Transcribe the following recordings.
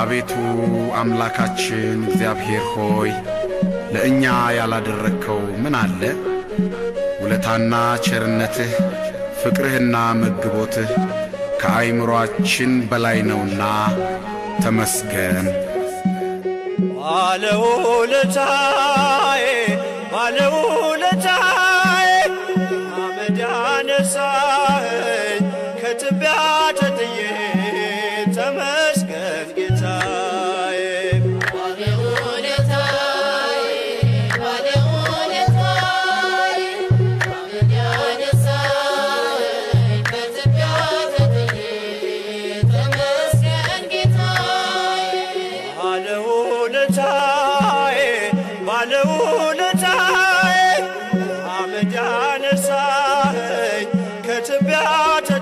አቤቱ አምላካችን እግዚአብሔር ሆይ ለእኛ ያላደረግከው ምን አለ? ውለታና ቸርነትህ ፍቅርህና መግቦትህ ከአይምሮአችን በላይ ነውና ተመስገን። ባለውለታዬ ባለውለታ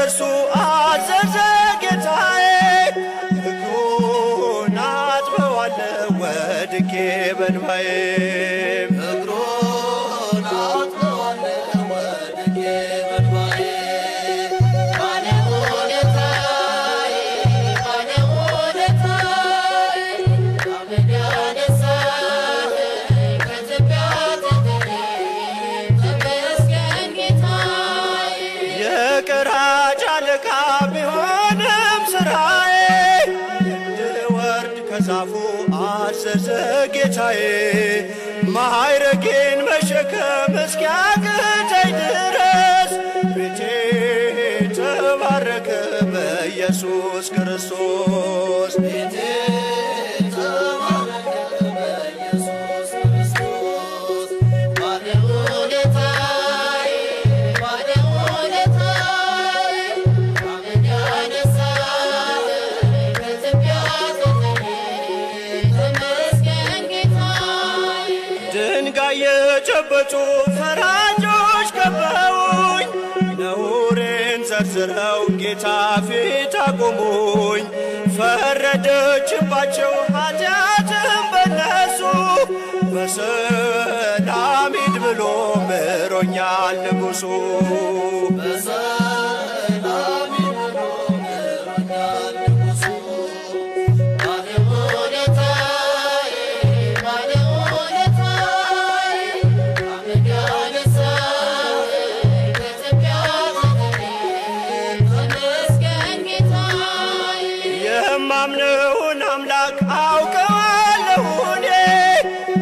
እንዲደርሱ አዘዘ ጌታዬ። እግሩን አጥበዋለሁ ወድቄ በእንባዬ ፍቅር አጫልቃ ቢሆንም ስራዬ ልወርድ ከዛፉ አዘዘ ጌታዬ ማይረጌን መሸከም እስኪያቅተኝ ድረስ ቤቴ ተባረከ በኢየሱስ ክርስቶስ ድንጋይ የጨበጡ ፈራጆች ከበውኝ፣ ነውሬን ዘርዝረው ጌታ ፊት አቆሙኝ። ፈረደችባቸው ኃጢአትም በነሱ በሰላም ሂድ ብሎ ምሮኛል ንጉሡ። የማምነውን አምላክ አውቀዋለሁ እኔ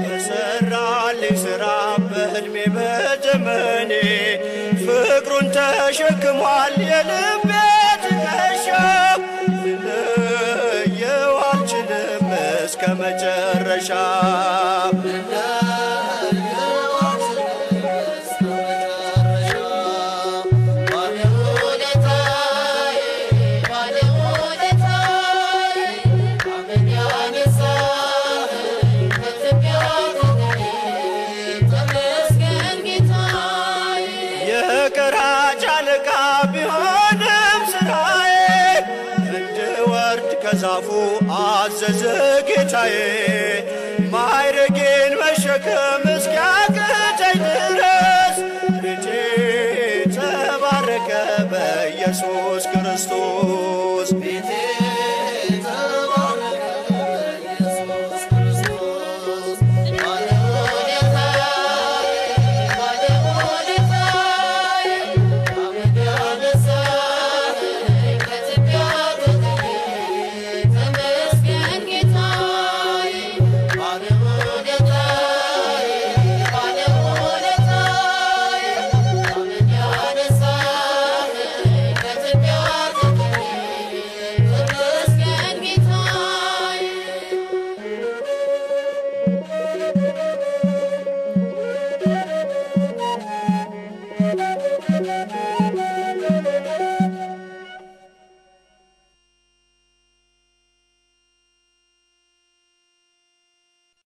የሰራልኝ ሥራ በዕድሜ በዘመኔ ፍቅሩን ተሸክሟል የልቤ ትከሻ ልለየው አልችልም እስከ መጨረሻ ከመጽሐፉ አዘዘ ጌታዬ ማይረጌን Thank you.